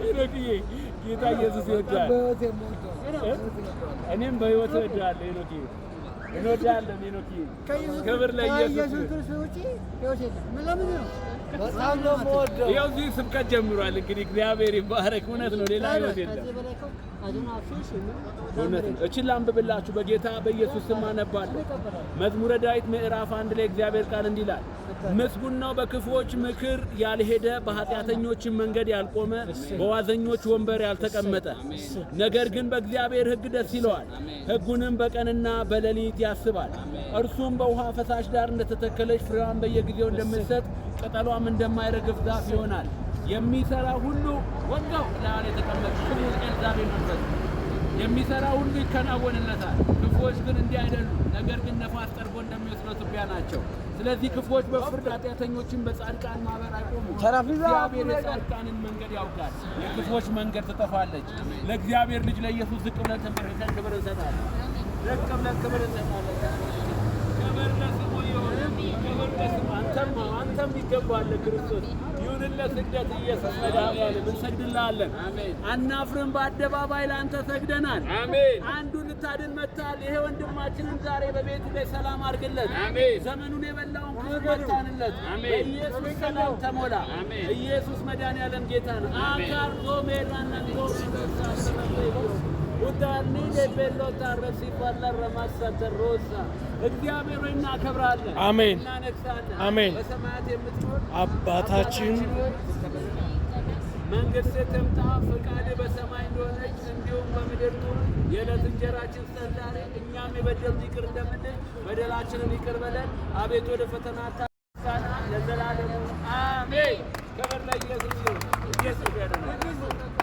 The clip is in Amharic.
ሄኖክዬ ጌታ ኢየሱስ ይወዳል። እኔም በህይወት እወዳለሁ ሄኖክዬ እንወዳለን ሄኖክዬ። ክብር ለኢየሱስ ውጪ ለምን ነው በጣም ነው የምወደው። ያው እዚህ ስብከት ጀምሯል። እንግዲህ እግዚአብሔር ይባረክ። እውነት ነው፣ ሌላ ህይወት የለም። እውነት ነው። እችን ላንብብላችሁ በጌታ በኢየሱስ ስም አነባለሁ። መዝሙረ ዳዊት ምዕራፍ አንድ ላይ እግዚአብሔር ቃል እንዲህ ይላል፣ በክፎች በክፉዎች ምክር ያልሄደ፣ በኃጢአተኞችን መንገድ ያልቆመ፣ በዋዘኞች ወንበር ያልተቀመጠ። ነገር ግን በእግዚአብሔር ሕግ ደስ ይለዋል፣ ሕጉንም በቀንና በሌሊት ያስባል። እርሱም በውሃ ፈሳሽ ዳር እንደተተከለች ፍሬዋን በየጊዜው እንደምትሰጥ ቅጠሏም እንደማይረግፍ ዛፍ ይሆናል። የሚሰራ ሁሉ ወጋው ላይ የተቀመጠ ግንዛቤ መፍጠር የሚሰራ ሁሉ ይከናወንለታል። ክፉዎች ግን እንዲህ አይደሉም። ነገር ግን ነፋስ ጠርጎ እንደሚወስደው ትቢያ ናቸው። ስለዚህ ክፉዎች በፍርድ ኃጢአተኞችን በጻድቃን ማህበር አይቆሙም። እግዚአብሔር የጻድቃንን መንገድ ያውቃል፣ የክፉዎች መንገድ ትጠፋለች። ለእግዚአብሔር ልጅ ለኢየሱስ ዝቅ ብለን ትምህርተን ክብር እንሰጣለን። ዝቅ ብለን ክብር እንሰጣለን። አንተም ይገባል ክርስቶስ ይሁንለት ስግደት ኢየሱስ መድኃኒዓለም እንሰግድልሃለን። አናፍርም። በአደባባይ ለአንተ ሰግደናል። አንዱ ልታድን መጥተሃል። ይሄ ወንድማችንን ዛሬ በቤቱ ላይ ሰላም አድርግለት። ዘመኑን የበላውን ክብር መታንለት። በኢየሱስ ሰላም ተሞላ። ኢየሱስ መድኃኒዓለም ጌታ ነው። አካር ዞሜራና ዞሜ ቁጣኒን ቤሎታ ረሲፋላ ረማሳተ ሮሳ እግዚአብሔር ሆይ እናከብራለን፣ አሜን፣ እናነግሳለን። አሜን። በሰማያት የምትኖር አባታችን መንግሥትህ ትምጣ፣ ፈቃድህ በሰማይ እንደሆነች እንዲሁም በምድር ትሁን። የዕለት እንጀራችን ስጠን ዛሬ፣ እኛም የበደሉንን ይቅር እንደምንል በደላችንን ይቅር በለን፣ አቤት ወደ ፈተና አታግባን፣ ለዘላለሙ አሜን። ክብር ለኢየሱስ ይሁን። ኢየሱስ ያድናል።